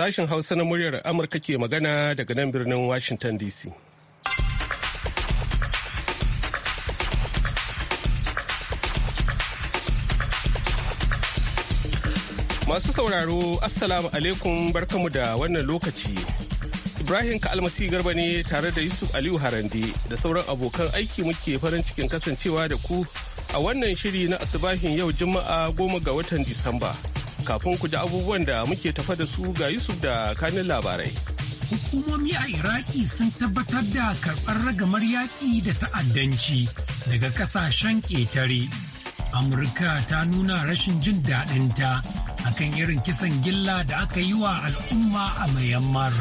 Sashen Hausa na muryar Amurka ke magana daga nan birnin Washington DC. Masu sauraro, Assalamu alaikum barkamu da wannan lokaci. Ibrahim Ka'almasi Garba ne tare da Yusuf Aliyu Harande da sauran abokan aiki muke farin cikin kasancewa da ku a wannan shiri na asibahin yau Juma'a goma ga watan Disamba. kafin ku da abubuwan da muke tafa da su ga Yusuf da kanin labarai. Hukumomi a Iraki sun tabbatar da karɓar ragamar yaƙi da ta'addanci daga ƙasashen ƙetare. Amurka ta nuna rashin jin daɗinta akan irin kisan gilla da aka yi wa al'umma a Myanmar.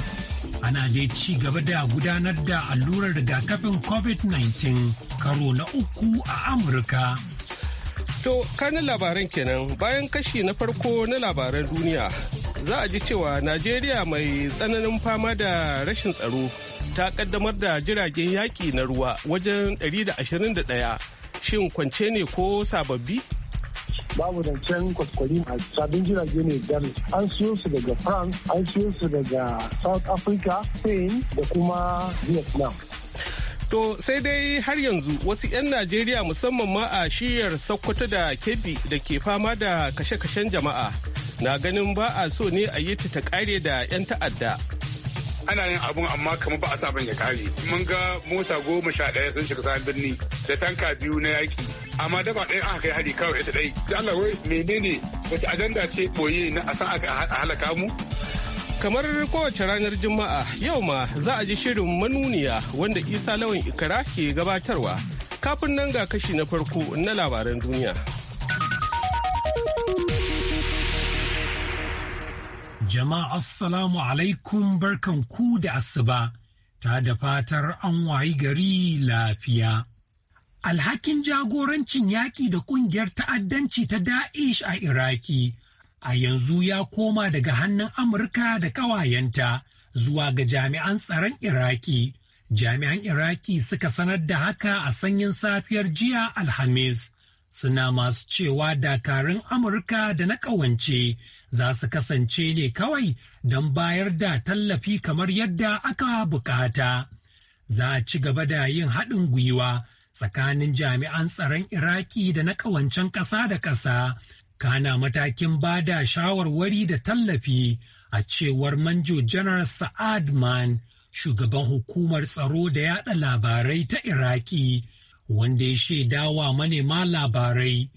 Ana dai ci gaba da gudanar da allurar rigakafin COVID-19 karo na uku a Amurka. To kanin labaran kenan bayan kashi na farko na labaran duniya za a ji cewa Najeriya mai tsananin fama da rashin tsaro ta kaddamar da jiragen yaƙi na ruwa wajen 121 shin kwance ne ko sababbi? babu da can kwaskwari a sabbin jirage ne dan an siyo su daga france an siyo su daga south africa spain da kuma vietnam To sai dai har yanzu wasu 'yan Najeriya musamman ma a shiyar Sokoto da Kebbi da ke fama da kashe-kashen jama'a na ganin ba a so ne a yi ta kare da 'yan ta'adda. Ana yin abun amma kama ba a sa ya kare. Mun ga mota goma sha ɗaya sun shiga sabon birni da tanka biyu na yaki. Amma ba ɗaya aka kai hari kawai ita ɗai. Da Allah wai menene wace ajanda ce ɓoye na a san aka halaka mu? kamar kowace ranar juma'a yau ma za a ji shirin manuniya wanda isa lawan ikara ke gabatarwa kafin nan ga kashi na farko na labaran duniya jama'a assalamu alaikum barkan ku da asuba ta da fatar an wayi gari lafiya alhakin jagorancin yaƙi da ƙungiyar ta'addanci ta da'ish a iraki a yanzu ya koma daga hannun Amurka da ƙawayenta zuwa ga jami'an tsaron Iraki. Jami'an Iraki suka sanar da haka a sanyin safiyar jiya Alhamis. Suna masu cewa dakarun Amurka da na ƙawance za su kasance ne kawai don bayar da tallafi kamar yadda aka bukata. Za a ci gaba da yin haɗin gwiwa tsakanin jami'an tsaron Iraki da na ƙawancen ƙasa da ƙasa. kana matakin ba da shawarwari da tallafi a cewar manjo janar sa'ad man shugaban hukumar tsaro da yada labarai ta iraki wanda ya shaidawa manema labarai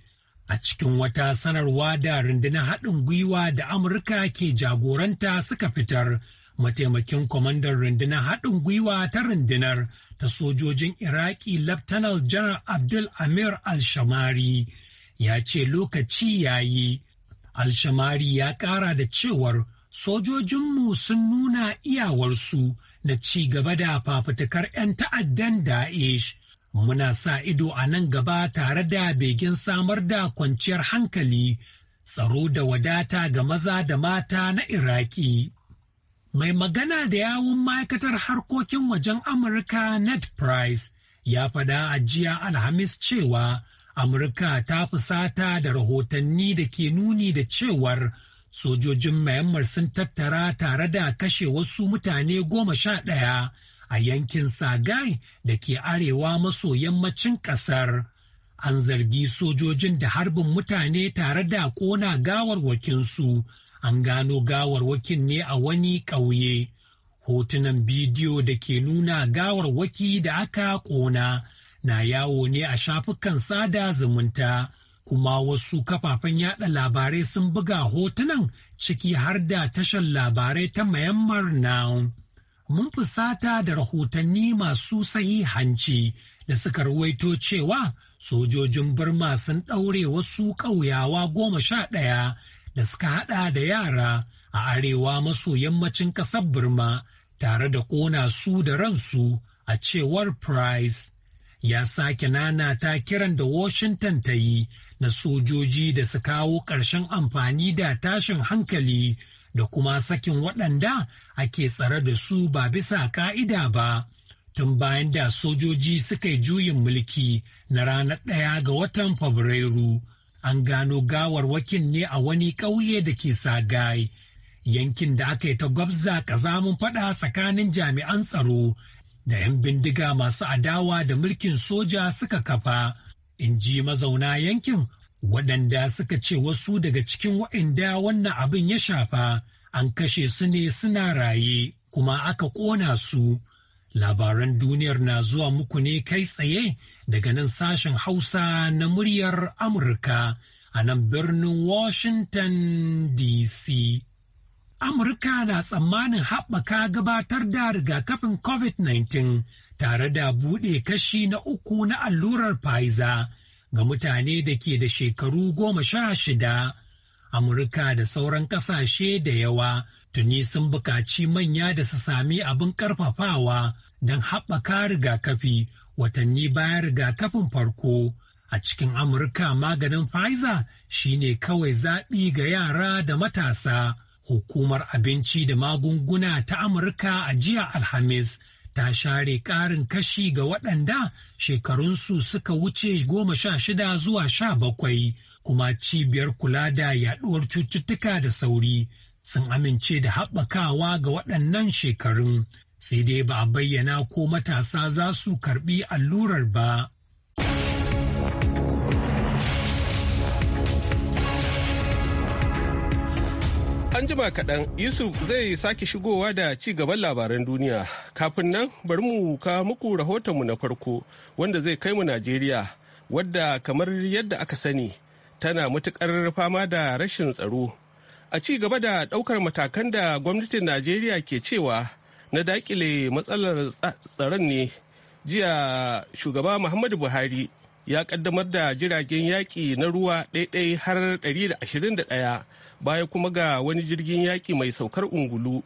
a cikin wata sanarwa da rundunar haɗin gwiwa da amurka ke jagoranta suka fitar mataimakin kwamandan rundunar haɗin gwiwa ta rundunar ta sojojin iraki lieutenant janar abdul amir al-shamari ya ce lokaci ya yi. Alshamari ya ƙara da cewar sojojinmu sun nuna iyawarsu na ci gaba da fafutukar 'yan ta'addan Da'ish. Muna sa ido a nan gaba tare da begin samar da kwanciyar hankali, tsaro da wadata ga maza da mata na Iraki. Mai magana da yawun ma'aikatar harkokin wajen Amurka Ned Price ya faɗa a jiya Alhamis cewa Amurka ta fusata da rahotanni da ke nuni da cewar sojojin Myanmar sun tattara tare da kashe wasu mutane goma sha ɗaya a yankin Sagai da ke arewa maso yammacin ƙasar. An zargi sojojin da harbin mutane tare da ƙona gawarwakinsu, an gano gawarwakin ne a wani ƙauye. Hotunan bidiyo da ke nuna gawarwaki da aka ƙona. na yawo ne a shafukan sada zumunta kuma wasu kafafen yada labarai sun buga hotunan ciki har da tashar labarai ta mayammar na. Mun fusata da rahotanni masu sahihanci da suka ruwaito cewa sojojin Burma sun ɗaure wasu ƙauyawa goma sha ɗaya da suka haɗa da yara a arewa maso yammacin ƙasar Burma tare da ƙona su da ransu a cewar Price. ya sake ta kiran da Washington ta yi na sojoji da su kawo ƙarshen amfani da tashin hankali da kuma sakin waɗanda ake tsare da su ba bisa ka'ida ba. Tun bayan da sojoji suka yi juyin mulki na ranar ɗaya ga watan Fabrairu, an gano gawarwakin ne a wani ƙauye da ke Sagai. yankin da aka yi ta gwabza ƙazamin faɗa tsakanin jami'an tsaro da 'yan bindiga masu adawa da mulkin soja suka kafa, in ji mazauna yankin waɗanda suka ce wasu daga cikin waɗanda wannan abin ya shafa an kashe su ne suna raye kuma aka ƙona su. Labaran duniyar na zuwa muku ne kai tsaye daga nan sashen Hausa na muryar Amurka a nan birnin Washington DC. Amurka na tsammanin haɓaka gabatar da rigakafin COVID-19 tare da buɗe kashi na uku na allurar Pfizer ga mutane da ke da shekaru goma sha shida. Amurka da sauran ƙasashe da yawa tuni sun buƙaci manya da su sami abin ƙarfafawa don haɓaka rigakafi watanni bayan rigakafin farko. A cikin Amurka maganin Pfizer shine kawai zaɓi ga yara da matasa. Hukumar Abinci da Magunguna ta Amurka a jiya Alhamis ta share ƙarin kashi ga waɗanda shekarunsu suka wuce goma sha shida zuwa sha bakwai kuma cibiyar kula da yaɗuwar cututtuka da sauri sun amince da haɓakawa ga waɗannan shekarun sai dai ba a bayyana ko matasa za su karɓi allurar ba. An jima kaɗan Yusuf zai sake shigowa da ci gaban labaran duniya. Kafin nan bari mu ka muku rahotonmu na farko wanda zai kai mu Najeriya wadda kamar yadda aka sani tana matuƙar fama da rashin tsaro. A ci gaba da ɗaukar matakan da gwamnatin Najeriya ke cewa na daƙile matsalar tsaron ne jiya shugaba Muhammadu Buhari ya ƙaddamar da jiragen yaƙi na ruwa ɗaiɗai har 121 baya kuma ga wani jirgin yaƙi mai saukar ungulu.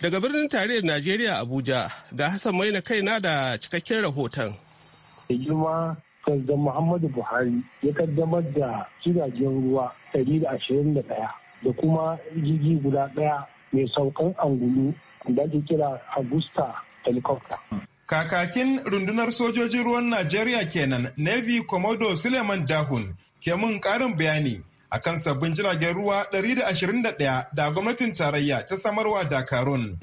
Daga birnin tarayyar Najeriya Abuja ga Hassan Maina na da cikakken rahoton. girma Muhammadu Buhari ya kaddamar da jiragen ruwa 121 da kuma jirgi guda ɗaya mai saukan angulu da ake kira Augusta Helicopter. Kakakin rundunar sojojin ruwan Najeriya kenan Navy Commodore Suleiman Dahun ke mun karin bayani akan sabbin jiragen ruwa 121 da gwamnatin tarayya ta samarwa Dakarun.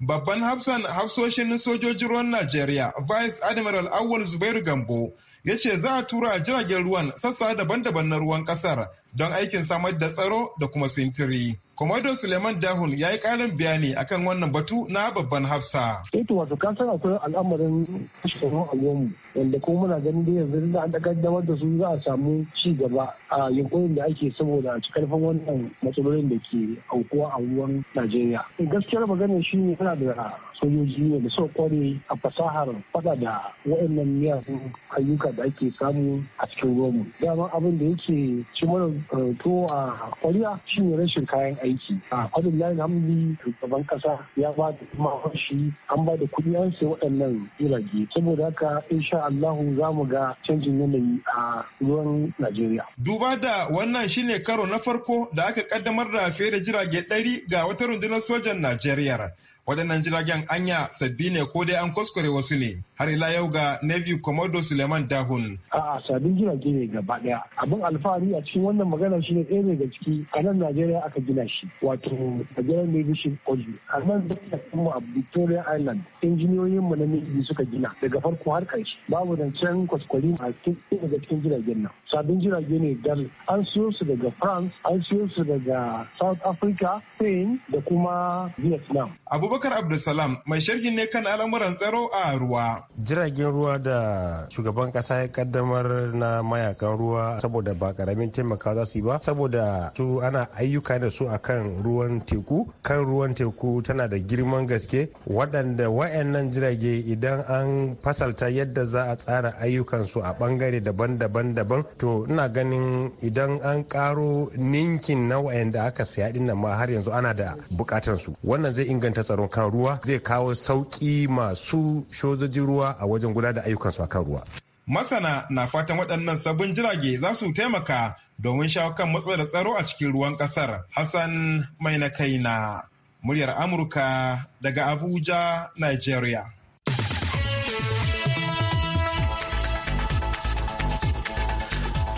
Babban hafsan hafsoshin sojojin ruwan Najeriya, Vice Admiral Awul Zubairu Gambo, ya ce za a tura jiragen ruwan sassa daban-daban na ruwan kasar don aikin samar da tsaro da kuma sintiri. Komodo Suleiman Dahun ya yi ƙarin bayani akan wannan batu na babban hafsa. Eto eh wato kasan san akwai al'amarin tsaron al'ummu wanda kuma muna ganin da yanzu da an daga da su za a samu ci gaba a yankunan da ake saboda a wannan matsalolin da ke aukuwa a ruwan Najeriya. Gaskiyar magana shi ne yana da sojoji ne da suka kware a fasahar fada da wa'annan miyagun ayyuka da ake samu a cikin ruwan ruwanmu. Dama abin da yake ci mana to a kwariya ne rashin kayan aiki a kwadin layin hamdi shugaban kasa ya ba da kuma shi an ba da kuɗi an sai waɗannan jirage saboda haka in sha Allahu za mu ga canjin yanayi a ruwan Najeriya. Duba da wannan shine karo na farko da aka kaddamar da fiye da jirage ɗari ga wata rundunar sojan Najeriya. waɗannan jiragen anya sabbi ne ko dai an kuskure wasu ne har ila yau ga navy komodo suleiman dahun a sabbin jirage ne gaba daya abin alfahari a cikin wannan magana shine ɗaya ne daga ciki a nan najeriya aka gina shi wato a gidan navy ship oji a nan da mu a victoria island injiniyoyin mu na navy suka gina daga farko har ƙarshe babu nan can kwaskwari a cikin daga cikin jiragen nan sabbin jirage ne dal an siyo su daga france an siyo su daga south africa spain da kuma vietnam abubakar Abubakar Abdulsalam mai sharhi ne kan al'amuran tsaro a ruwa. Jiragen ruwa da shugaban kasa ya kaddamar na mayakan ruwa saboda ba karamin taimaka za su yi ba saboda su ana ayyuka da su akan ruwan teku kan ruwan teku tana da girman gaske waɗanda wayannan jirage idan an fasalta yadda za a tsara ayyukan su a bangare daban-daban daban to ina ganin idan an karo ninkin na wa'anda aka saya dinna ma har yanzu ana da bukatar wannan zai inganta tsaro ayyukan kan ruwa zai kawo sauƙi masu shozojin ruwa a wajen gudanar da ayyukansu a kan ruwa. Masana na fatan waɗannan sabbin jirage za su taimaka domin shawo kan matsalar tsaro a cikin ruwan ƙasar. Hassan mai na kai na muryar Amurka daga Abuja, Nigeria.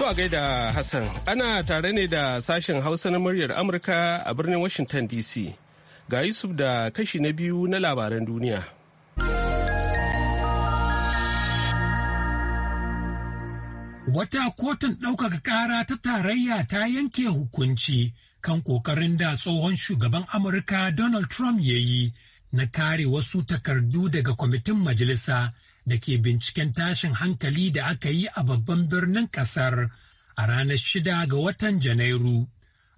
a gaida Hassan, ana tare ne da sashen Hausa na muryar Amurka a birnin Washington DC. Ga Yusuf da kashi na biyu na labaran duniya. Wata kotun ɗaukaka ƙara ta tarayya ta yanke hukunci kan ƙoƙarin da tsohon shugaban Amurka Donald Trump ya yi na kare wasu takardu daga kwamitin majalisa da ke binciken tashin hankali da aka yi a babban birnin ƙasar a ranar shida ga watan Janairu.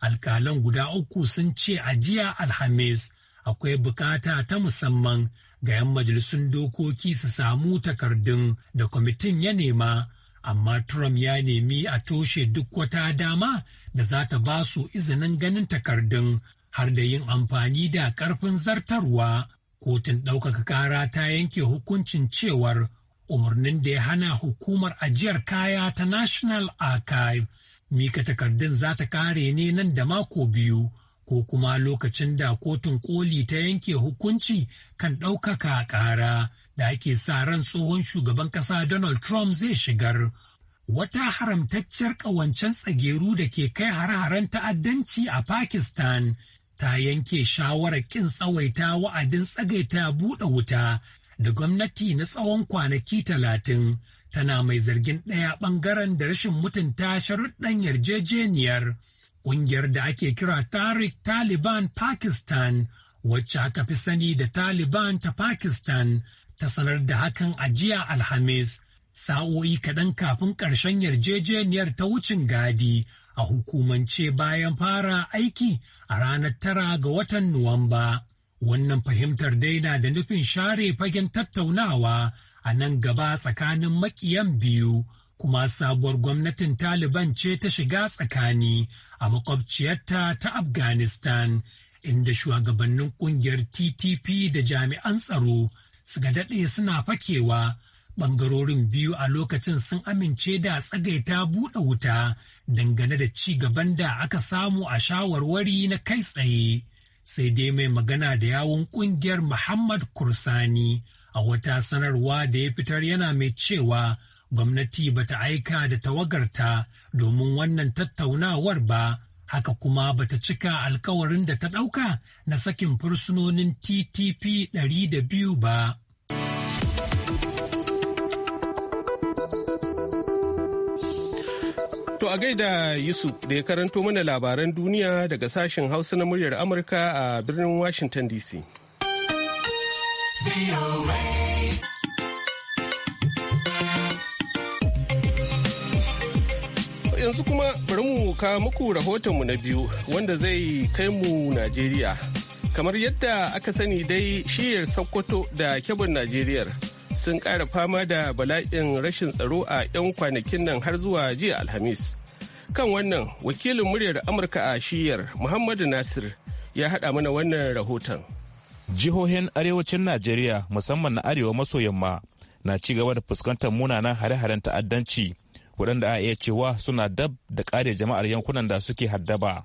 alkalan guda uku sun ce a jiya alhamis akwai bukata ta musamman ga 'yan majalisun dokoki su samu takardun da kwamitin ya nema amma Trump ya nemi a toshe duk wata dama da za ta ba su izinin ganin takardun har da yin amfani da ƙarfin zartarwa. Kotun ɗaukaka kara ta yanke hukuncin cewar umarnin da ya hana hukumar ajiyar kaya ta National Archive mika takardun za ta kare ne nan da mako biyu ko kuma lokacin da kotun koli ta yanke hukunci kan ɗaukaka ƙara da ake sa ran tsohon shugaban ƙasa Donald Trump zai shigar. Wata haramtacciyar ƙawancen tsageru da ke kai hare-haren ta'addanci a Pakistan ta yanke shawarar ƙin tsawaita wa'adin tsagaita buɗe wuta da gwamnati na tsawon kwanaki talatin tana mai zargin ɗaya ɓangaren da rashin mutunta sharuɗɗan yarjejeniyar ƙungiyar da ake kira Tarik Taliban Pakistan wacce aka fi sani da Taliban ta Pakistan ta sanar da hakan a jiya Alhamis sa'o'i kaɗan kafin ƙarshen yarjejeniyar ta wucin gadi a hukumance bayan fara aiki a ranar tara ga watan Nuwamba. Wannan fahimtar daina da nufin share fagen tattaunawa a nan gaba tsakanin makiyan biyu kuma sabuwar gwamnatin Taliban ce ta shiga tsakani a makwabciyarta ta Afghanistan inda shugabannin kungiyar TTP da jami'an tsaro suka daɗe suna fakewa ɓangarorin biyu a lokacin sun amince da tsagaita buɗe wuta dangane da ci gaban da aka samu a shawarwari na kai tsaye sai dai mai magana da yawun kungiyar Muhammad Kursani a wata sanarwa da ya fitar yana mai cewa gwamnati ba ta aika da tawagarta domin wannan tattaunawar ba haka kuma ba ta cika alkawarin da ta ɗauka na sakin fursunonin ttp 200 ba To a gaida Yusuf da ya karanto mana labaran duniya daga sashen Hausa na muryar Amurka a birnin Washington DC. Yanzu kuma bari mu ka muku rahoton mu na biyu wanda zai kai mu Najeriya. Kamar yadda aka sani dai shiyar Sokoto da kyabar Najeriya sun ƙara fama da bala'in rashin tsaro a 'yan kwanakin nan har zuwa jiya Alhamis. Kan wannan wakilin muryar Amurka a shiyar Muhammadu Nasir ya haɗa mana wannan rahoton. jihohin arewacin najeriya musamman na arewa maso yamma na ci gaba da fuskantar munanan hare-haren ta'addanci waɗanda a iya cewa suna dab da ƙare jama'ar yankunan da suke haddaba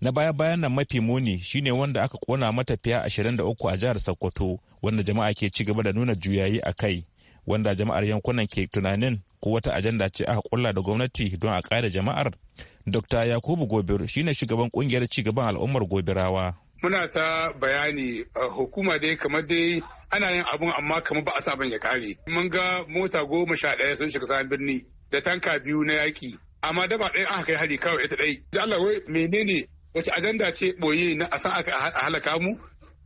na baya-bayan nan mafi muni shine wanda aka kona matafiya uku a jihar sokoto wanda jama'a ke ci gaba da nuna juyayi a kai wanda jama'ar yankunan ke tunanin ko wata ajanda ce aka kulla da gwamnati don a ƙare jama'ar dr yakubu gobir shine shugaban kungiyar cigaban al'ummar gobirawa muna ta bayani hukuma dai kamar dai ana yin abun amma kamar ba a sa ya kare mun ga mota goma sha ɗaya sun shiga sa birni da tanka biyu na yaki amma daba ɗaya aka kai hari kawai ita ɗai da Allah wai menene wace ajanda ce boye na a san aka halaka mu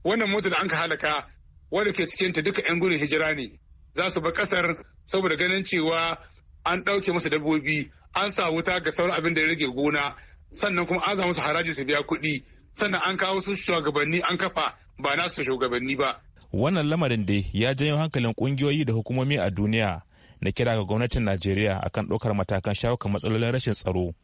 wannan mota da an ka halaka wanda ke cikin ta duka 'yan gudun hijira ne za su bar kasar saboda ganin cewa an ɗauke musu dabbobi an sa wuta ga sauran abin da ya rage gona sannan kuma an za musu haraji su biya kuɗi sannan an kawo su shugabanni an kafa ba nasu shugabanni ba. Wannan lamarin dai ya janyo hankalin kungiyoyi da hukumomi a duniya na kira ga gwamnatin Najeriya akan ɗaukar matakan shawo kan matsalolin rashin tsaro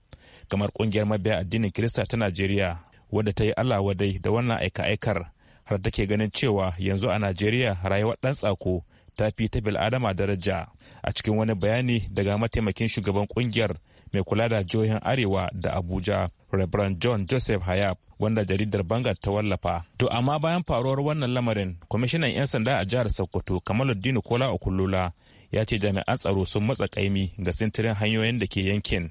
kamar kungiyar mabiya addinin Kirista ta Najeriya wadda ta yi Allah wadai da wannan aika-aikar har take ganin cewa yanzu a Najeriya rayuwar ɗan tsako ta fi ta bil'adama daraja a cikin wani bayani daga mataimakin shugaban kungiyar mai kula da jihohin arewa da abuja rebran john joseph hayab wanda jaridar bangar ta wallafa to amma bayan faruwar wannan lamarin kwamishinan 'yan sanda a jihar sokoto kamaluddin kola okulula ya ce jami'an tsaro sun matsa kaimi ga sintirin hanyoyin da ke yankin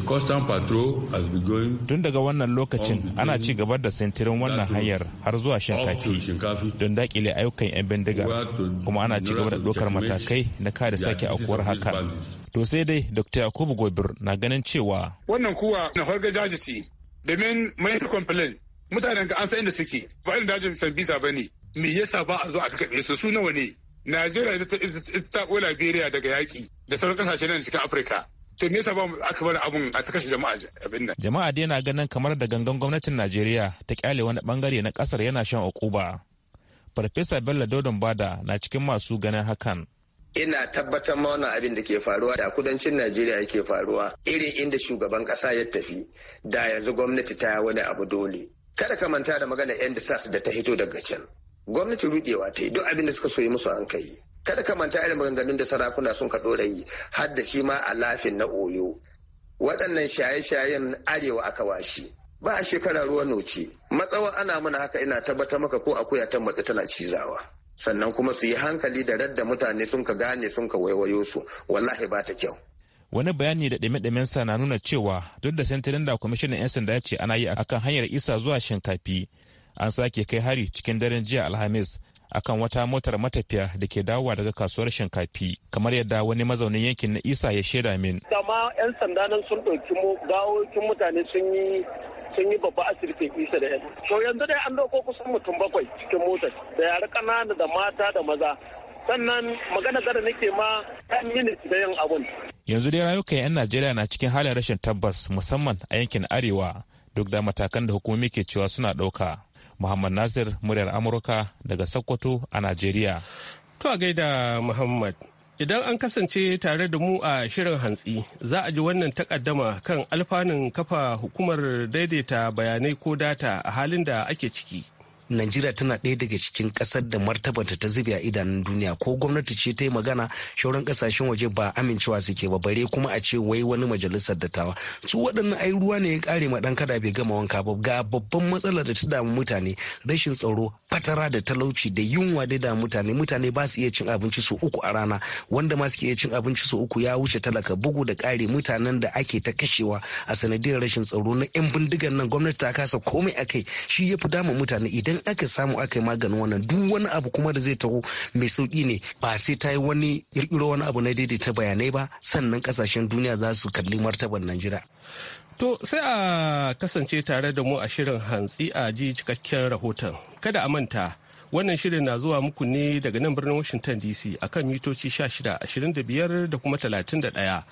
Tun daga wannan lokacin ana ci gaba da sintirin wannan hanyar har zuwa shinkafi don dakile ayyukan 'yan bindiga kuma ana ci gaba da ɗaukar matakai na kada sake aukuwar haka. To sai dai Dr. Yakubu Gobir na ganin cewa. Wannan kuwa na farga jaji ce domin mai complain mutanen ga an san inda suke ba inda dajin bisa ba ne me yasa ba a zo a kakaɓe su su nawa ne Najeriya ta ko Liberia daga yaƙi da sauran ƙasashe nan cikin Afirka. to me yasa ba aka bar abun a ta kashe jama'a abin nan jama'a dai na ganin kamar da gangan gwamnatin Najeriya ta kyale wani bangare na kasar yana shan ukuba farfesa Bello Dodon Bada na cikin masu ganin hakan ina tabbatar ma wannan abin da ke faruwa da kudancin najeriya yake faruwa irin inda shugaban kasa ya tafi da yanzu gwamnati ta wani abu dole kada ka manta da magana yan da da ta hito daga can gwamnati rudewa ta yi duk abin da suka soyi musu an kada ka manta irin maganganun da sarakuna sun ka dora yi har da shi ma a lafin na oyo waɗannan shaye-shayen arewa aka washi ba a shekara ruwan noce matsawa ana mana haka ina tabbata maka ko akuya ta matsa tana cizawa sannan kuma su yi hankali da radda mutane sun ka gane sun ka waiwayo su wallahi ba ta kyau wani bayani da ɗame sa na nuna cewa duk da santalin da kwamishinan 'yan sanda ce ana yi akan hanyar isa zuwa shinkafi an sake kai hari cikin daren jiya alhamis akan wata motar matafiya da ke dawowa daga kasuwar shinkafi kamar yadda wani mazaunin yankin na isa ya shaida min dama yan sanda nan sun ɗauki mu gawokin mutane sun yi sun yi babba asibitin isa da yanzu to yanzu dai an dauko kusan mutum bakwai cikin motar da yara ƙanana da mata da maza sannan magana gara nake ma yan minit da yin abun yanzu dai rayukan 'yan najeriya na cikin halin rashin tabbas musamman a yankin arewa duk da matakan da hukumomi ke cewa suna ɗauka Muhammad Nasir muryar Amurka daga Sokoto a Najeriya. To a gaida Muhammad. Idan an kasance tare da mu a shirin hantsi za a ji wannan takaddama kan alfanun kafa hukumar daidaita bayanai ko data a halin da ake ciki. najeriya tana ɗaya daga cikin ƙasar da martabanta ta zube a idanun duniya ko gwamnati ce ta yi magana shauran ƙasashen waje ba amincewa suke ba bare kuma a ce wai wani majalisar dattawa su waɗannan ai ruwa ne ya kare ma ɗan kada bai gama wanka ba ga babban matsalar da ta damu mutane rashin tsaro fatara da talauci da yunwa da damu mutane mutane ba su iya cin abinci su uku a rana wanda ma suke iya cin abinci su uku ya wuce talaka bugu da ƙari mutanen da ake ta kashewa a sanadiyar rashin tsaro na 'yan bindigan nan gwamnati ta kasa komai a kai shi ya fi damun mutane idan in aka samu aka yi maganin wannan duk wani abu kuma da zai taho mai sauki ne ba sai ta yi wani irkiro wani abu na daidaita bayanai ba sannan kasashen duniya za su kalli martabar najeriya To sai a kasance tare da mu a shirin hantsi a ji cikakken rahoton. Kada a manta Wannan shirin na zuwa muku ne daga nan birnin Washington DC akan mitoci 1625 da kuma 31.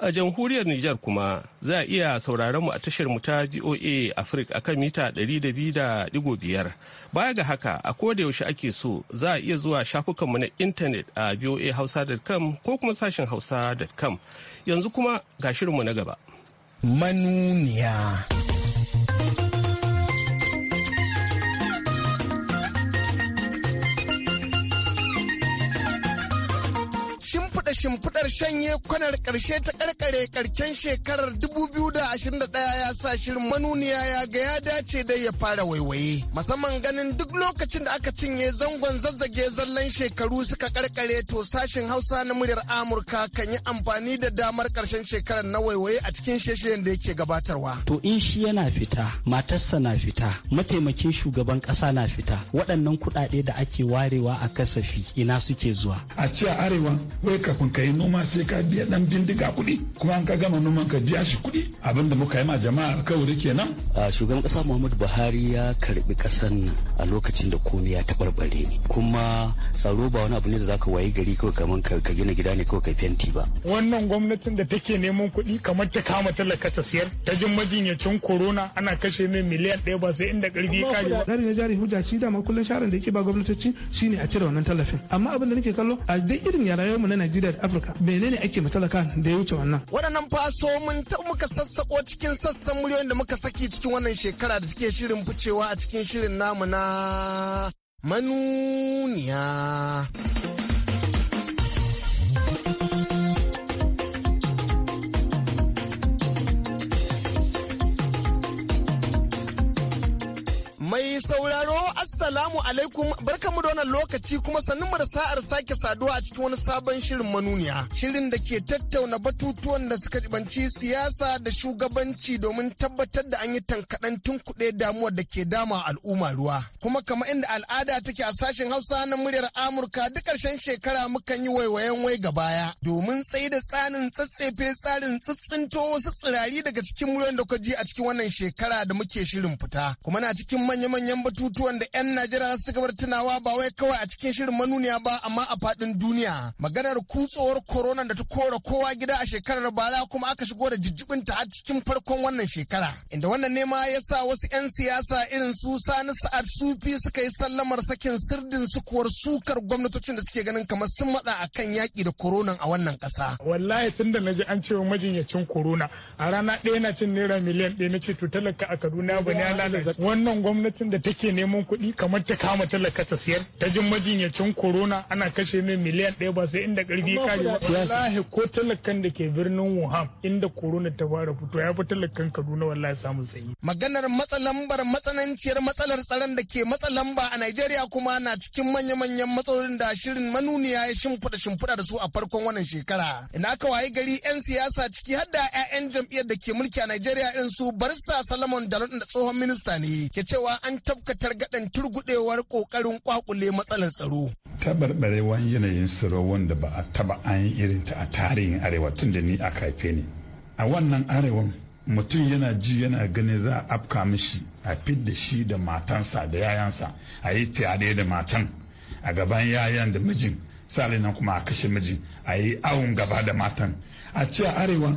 A jamhuriyar Nijar kuma za a iya sauraron mu a tashar mu ta VOA Africa akan mita 200.5. Baya ga haka a koda yaushe ake so za a iya zuwa shafukanmu na intanet a voahausa.com ko kuma sashen hausa.com. Yanzu kuma ga shirinmu na gaba. Manuniya. da shimfiɗar shanye kwanar ƙarshe ta ƙarƙare ƙarken shekarar 2021 ya sa shirin manuniya ya ga ya dace dai ya fara waiwaye. Musamman ganin duk lokacin da aka cinye zangon zazzage zallan shekaru suka ƙarƙare to sashen Hausa na muryar Amurka kan yi amfani da damar ƙarshen shekarar na waiwaye a cikin shirin da yake gabatarwa. To in shi yana fita, matarsa na fita, mataimakin shugaban ƙasa na fita, waɗannan kuɗaɗe da ake warewa a kasafi ina suke zuwa. A ce arewa wai ka kafin ka yi noma sai ka biya dan bindiga kuɗi kuma an ka gama noman ka biya shi kuɗi abinda muka yi ma jama'a alkawari kenan. a shugaban ƙasa muhammadu buhari ya karbi ƙasan nan a lokacin da komai ya taɓarɓare ne kuma tsaro ba wani abu ne da za ka wayi gari kawai kamar ka gina gida ne kawai ka fenti ba. wannan gwamnatin da take neman kuɗi kamar ta kama talaka ta siyar ta jin majinyacin corona ana kashe min miliyan ɗaya ba sai inda ƙarfi ya kare. jari na jari hujja shi dama kullum sharan da yake ba gwamnatoci shine a cire wannan tallafin amma abin da nake kallo a duk irin yarayuwar mu na najeriya nahiyar afirka menene ake matalaka da ya wuce wannan waɗannan faso mun ta muka sassako cikin sassan miliyoyin da muka saki cikin wannan shekara da take shirin ficewa a cikin shirin namu na manuniya Assalamu alaikum barkamu da wannan lokaci kuma sannunmu da sa'ar sake saduwa a cikin wani sabon shirin manuniya. Shirin da ke tattauna batutuwan da suka banci siyasa da shugabanci domin tabbatar da an yi tankaɗan tun kuɗe damuwar da ke dama al'umma ruwa. Kuma kamar inda al'ada take a sashen Hausa na muryar Amurka duk ƙarshen shekara mukan yi waiwayen wai ga baya domin tsaye da tsanin tsatsefe tsarin tsitsinto wasu tsirari daga cikin muryar da kwaji a cikin wannan shekara da muke shirin fita. Kuma na cikin manya-manyan batutuwan da 'yan Najeriya su gabar tunawa ba wai kawai a cikin shirin manuniya ba amma a fadin duniya. Maganar kutsowar korona da ta kora kowa gida a shekarar baya kuma aka shigo da jijjibinta a cikin farkon wannan shekara. Inda wannan nema ya sa wasu 'yan siyasa irin su Sani Sa'ad Sufi suka yi sallamar sakin sirdin sukuwar sukar gwamnatocin da suke ganin kamar sun matsa a kan yaƙi da koronan a wannan ƙasa. Wallahi tun da na ji an ce majinyacin korona a rana ɗaya na cin naira miliyan ɗaya na ce to talaka a Kaduna ba ne wannan gwamnatin da take neman kuɗi kuɗi kamar ta kama talaka ta siyar ta jin majinyacin corona ana kashe mai miliyan ɗaya ba sai inda ƙarfi ya kare wallahi ko talakan da ke birnin Wuhan inda corona ta fara fito ya fi talakan Kaduna wallahi samu sanyi. Maganar matsalambar matsananciyar matsalar tsaron da ke lamba a Najeriya kuma na cikin manya-manyan matsalolin da shirin manuniya ya shimfiɗa shimfiɗa da su a farkon wannan shekara. Ina ka waye gari 'yan siyasa ciki har da 'ya'yan jam'iyyar da ke mulki a Najeriya irin su Barista Salomon Dalon da tsohon minista ne ke cewa an tabkatar gaɗan turgudewar kokarin kwakule matsalar tsaro. Tabarbarewan yanayin tsaro wanda ba a taba an yi irin ta a tarihin arewa tun da ni a haife ni. A wannan arewan mutum yana ji yana gani za a afka mishi a fidda shi da matansa da yayansa a yi fyaɗe da matan a gaban yayan da mijin sale nan kuma a kashe mijin a yi awon gaba da matan a ce arewa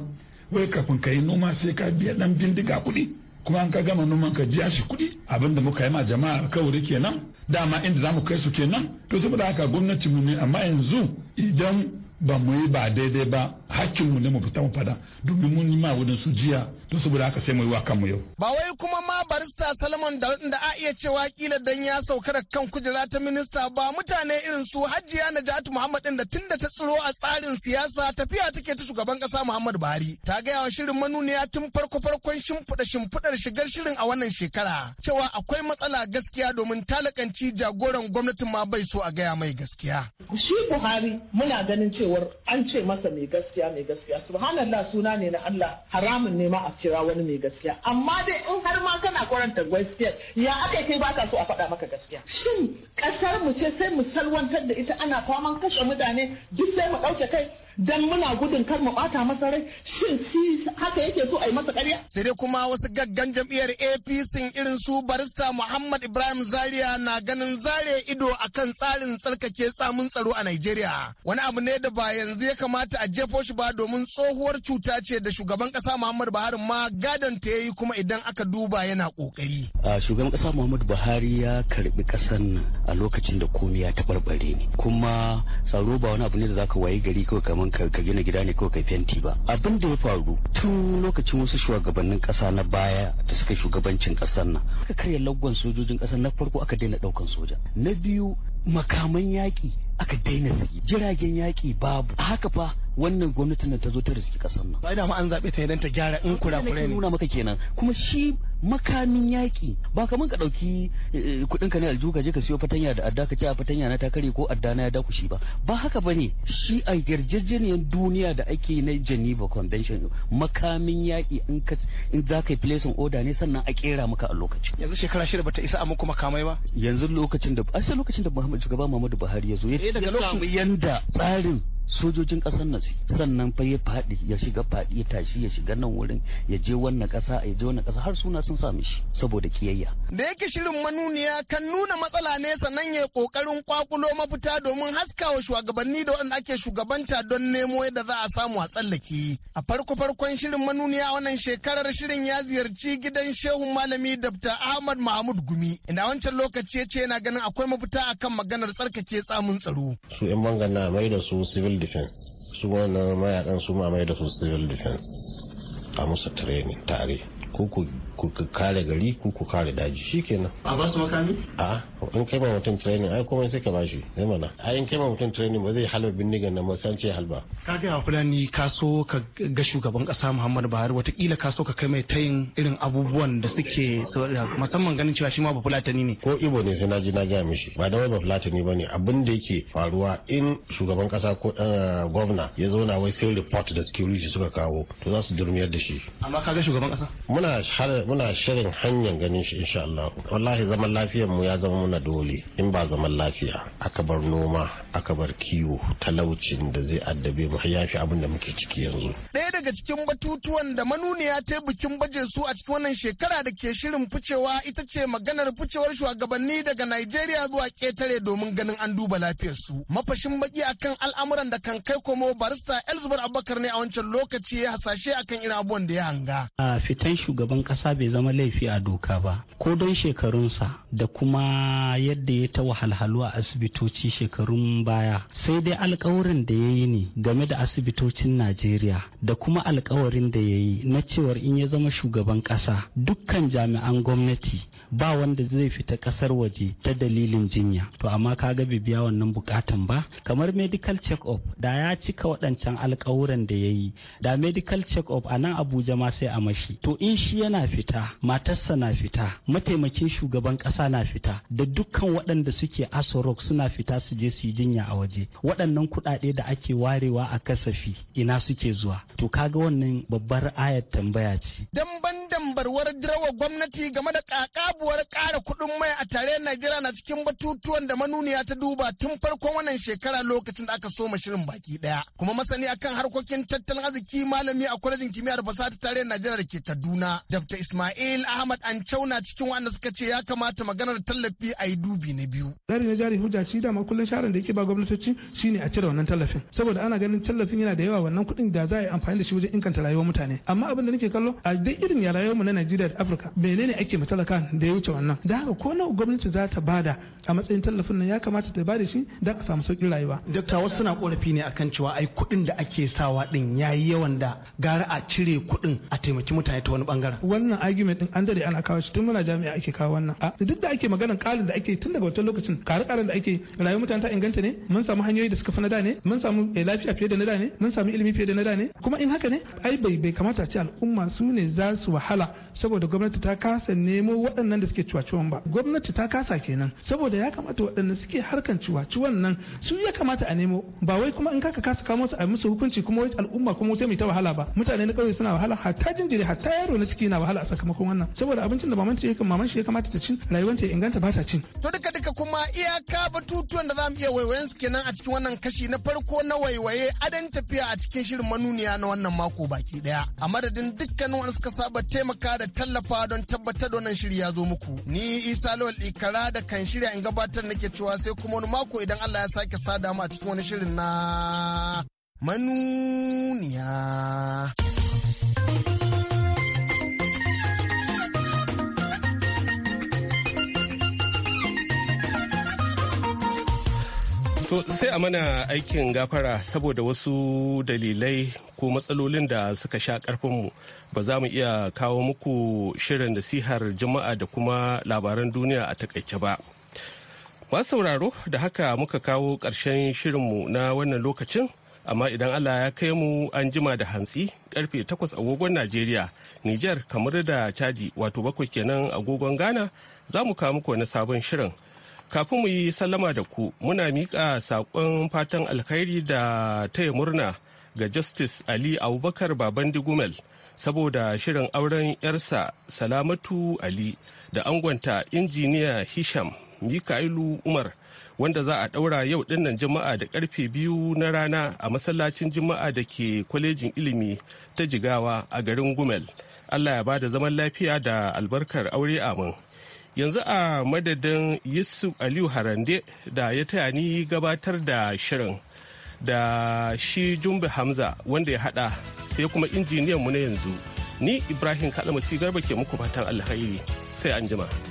wai kafin ka yi noma sai ka biya ɗan bindiga kuɗi kuma an ka gama noman ka biya shi kuɗi abin da muka yi ma jama'a kawai kenan dama inda za mu kai su kenan to saboda haka gwamnati mu ne amma yanzu idan ba mu yi ba daidai ba hakkinmu ne mu fita mu fada domin mun yi ma su jiya don saboda haka sai mu yi wa kanmu yau. Ba wai kuma ma barista Salman da da a iya cewa kila dan ya sauka kan kujera ta minista ba mutane irin su Hajiya Najatu Muhammad din da tunda ta tsiro a tsarin siyasa tafiya take ta shugaban kasa Muhammad Buhari. Ta gaya wa shirin manuniya tun farko farkon shimfida shimfiɗar shigar shirin a wannan shekara cewa akwai matsala gaskiya domin talakanci jagoran gwamnatin ma bai so a gaya mai gaskiya. Shi Buhari muna ganin cewar an ce masa mai gaskiya gaskiya mai gaskiya subhanallah suna ne na Allah haramun ne ma a kira wani mai gaskiya amma dai in har ma kana kwaranta gaskiya ya aka kai baka so a faɗa maka gaskiya shin kasar mu ce sai mu salwantar da ita ana faman kashe mutane duk sai mu ɗauke kai dan muna gudun kar mu bata masa rai shin si haka yake so a yi masa ƙarya sai dai kuma wasu gaggan jam'iyyar APC irin su barista Muhammad Ibrahim Zaria na ganin zare ido akan tsarin tsarkake samun tsaro a Najeriya wani abu ne da ba yanzu ya kamata a jefo shi ba domin tsohuwar cuta ce da shugaban kasa Muhammadu Buhari ma gadon ta yi kuma idan aka duba yana kokari shugaban kasa Muhammadu Buhari ya karɓi kasan a lokacin da komai ya tabarbare ne kuma tsaro ba wani abu ne da za ka wayi gari kawai kamar ka gina gida ne ko kai fenti ba abin da ya faru tun lokacin wasu shugabannin kasa na baya da suka shugabancin kasar nan aka karya lagwan sojojin kasar na farko aka daina daukan soja na biyu makaman yaƙi aka daina su jiragen yaƙi babu a haka fa wannan gwamnatin nan ta zo ta riski ƙasar nan bai da ma an zaɓe ta idan ta gyara in kura ne nuna maka kenan kuma shi makamin yaƙi ba kaman ka ɗauki eh, kuɗin ka ne aljuhu ka je ka siyo fatanya da adda ka ce a fatanya na ta kare ko adda na ya shi ba ba haka bane shi a yarjejeniyar duniya da ake na Geneva Convention makamin yaƙi in ka in za ka yi placing order ne sannan a kera maka a lokaci. yanzu shekara shida bata isa a muku makamai ba yanzu lokacin da asali lokacin da shugaba Muhammadu Buhari ya zo ya eh, samu yanda tsarin sojojin ƙasar nan sannan fa ya faɗi ya shiga faɗi ya tashi ya shiga nan wurin ya je wannan ƙasa ya je wannan ƙasa har suna sun sami shi saboda kiyayya. Da yake shirin manuniya kan nuna matsala ne sannan ya kokarin kwakulo mafita domin haskawa shugabanni da wanda ake shugabanta don nemo yadda za a samu a tsallake. A farko farkon shirin manuniya wannan shekarar shirin ya ziyarci gidan shehun malami Dr. Ahmad Mahmud Gumi inda wancan lokaci ya ce yana ganin akwai mafita akan maganar tsarkake tsamin tsaro. Su 'yan bangana mai da su civil defense su wannan mayakan su ma mai da su civil defense a musu training tare ko ku ku kare gari ku ku kare daji shikenan a ba su makami a in kai ma mutum training ai komai sai ka shi zai mana ai in kai ma mutum training ba zai halar bindigan nan ba sai ce halba ka ga fulani ka so ka ga shugaban kasa Muhammadu Buhari watakila ka so ka kai mai tayin irin abubuwan da suke musamman ganin cewa shi ma ba fulatani ne ko ibo ne sai na ji na gaya mishi ba da wai ba fulatani ne abin da yake faruwa in shugaban kasa ko eh, gwamna ya zauna wai sai report da security suka kawo to za su durmiyar da shi amma ka ga shugaban kasa muna muna shirin hanyar ganin shi insha Allah wallahi zaman lafiyar mu ya zama muna dole in ba zaman lafiya aka bar noma aka bar kiwo talaucin da zai addabe mu ya fi abin da muke ciki yanzu ɗaya daga cikin batutuwan da manuniya ta bikin baje su a cikin wannan shekara da ke shirin ficewa ita ce maganar ficewar shugabanni daga Najeriya zuwa ƙetare domin ganin an duba lafiyar su mafashin baki akan al'amuran da kan kai komo barista Elzubar Abubakar ne a wancan lokaci ya hasashe akan irin abuwan da ya hanga a fitan shugaban kasa bai zama laifi a doka ba ko don shekarunsa da kuma yadda ya ta wahalhalu a asibitoci shekarun baya sai dai alkawarin da ya yi ne game da asibitocin najeriya da kuma alkawarin da ya yi na cewar in ya zama shugaban ƙasa dukkan jami'an gwamnati ba wanda zai fita ƙasar waje ta dalilin jinya to amma ka ga biya wannan bukatan ba kamar medical check-up da ya cika waɗancan alkawuran da ya yi da medical check-up a nan abuja ma sai a mashi to in shi yana fita fita matarsa na fita mataimakin shugaban kasa na fita da dukkan waɗanda suke asorok suna fita su je su yi jinya a waje waɗannan kuɗaɗe da ake warewa a kasafi ina suke zuwa to kaga wannan babbar ayar tambaya ce damban dambarwar dirawa gwamnati game da kakabuwar ƙara kuɗin mai a tare Najeriya na cikin batutuwan da manuniya ta duba tun farkon wannan shekara lokacin da aka soma shirin baki ɗaya kuma masani akan harkokin tattalin arziki malami a kwalejin kimiyyar fasaha ta tare Najeriya da ke Kaduna Dr. Ismail Ahmad an na cikin wanda suka ce ya kamata maganar tallafi a yi dubi na biyu. Tsari na jari hujja shi dama kullum sharan da yake ba gwamnatoci ne a cire wannan tallafin. Saboda ana ganin tallafin yana da yawa wannan kuɗin da za a yi amfani da shi wajen inganta rayuwar mutane. Amma abin da nake kallo a duk irin ya rayuwar mu na Najeriya da Afirka menene ake ma talaka da ya wuce wannan. Da haka ko nawa gwamnati za ta bada a matsayin tallafin nan ya kamata ta bada shi don a samu sauƙin rayuwa. Dokta wasu suna korafi ne akan cewa ai kuɗin da ake sawa din yi yawan da gara a cire kuɗin a taimaki mutane ta wani ɓangaren. Wannan argument din an dare ana kawo shi tun muna jami'a ake kawo wannan a duk da ake maganar kalin da ake tun daga wancan lokacin kare karen da ake rayuwar mutane ta inganta ne mun samu hanyoyi da suka fi na da ne mun samu eh, lafiya fiye da na da ne mun samu ilimi fiye da na da ne kuma in haka ne ai bai bai kamata ce al'umma su ne za su wahala saboda gwamnati ta kasa nemo waɗannan da suke ciwaciwan ba gwamnati ta kasa kenan saboda ya kamata waɗannan suke harkan ciwaciwan nan su ya kamata a nemo ba wai kuma in kaka kasa kamo su a musu hukunci kuma wai al'umma kuma sai mai ta wahala ba mutane na ƙauye suna wahala hatta jinjiri hatta yaro na ciki na wahala sakamakon wannan saboda abincin da maman ya maman shi ya kamata ta cin rayuwar ta inganta ba ta cin to duka duka kuma iyaka batutuwan da zamu iya waiwayen su kenan a cikin wannan kashi na farko na waiwaye adan tafiya a cikin shirin manuniya na wannan mako baki daya a madadin dukkanin wanda suka saba taimaka da tallafa don tabbatar da wannan shiri ya zo muku ni Isa Lawal Ikara da kan shirya in gabatar nake cewa sai kuma wani mako idan Allah ya sake sada mu a cikin wani shirin na manuniya. To sai a mana aikin gafara saboda wasu dalilai ko matsalolin da suka sha karfinmu ba za mu iya kawo muku shirin nasihar jama'a da kuma labaran duniya a takaice ba. ba sauraro da haka muka kawo ƙarshen shirinmu na wannan lokacin amma idan Allah ya kai mu an jima da hantsi karfe 8 agogon Najeriya, Nijar kamar da Chadi wato bakwai kenan agogon Ghana za mu kawo muku wani sabon shirin. Kafin mu yi sallama da ku muna miƙa saƙon fatan alkhairi da taya murna ga Justice Ali Abubakar Babandi Gumel saboda shirin auren yarsa Salamatu Ali da angwanta injiniya Hisham Mika'ilu Umar wanda za a ɗaura yau dinnan jama'a da karfe biyu na rana a masallacin juma'a da ke kwalejin ilimi ta jigawa a garin gumel allah ya ba da zaman lafiya da albarkar aure amin yanzu a madadin yusuf aliyu harande da ya taya ni gabatar da shirin da shi jumbe hamza wanda ya hada sai kuma injiniyan mu na yanzu ni ibrahim kalamasi garba ke muku fatan alhairi sai anjima.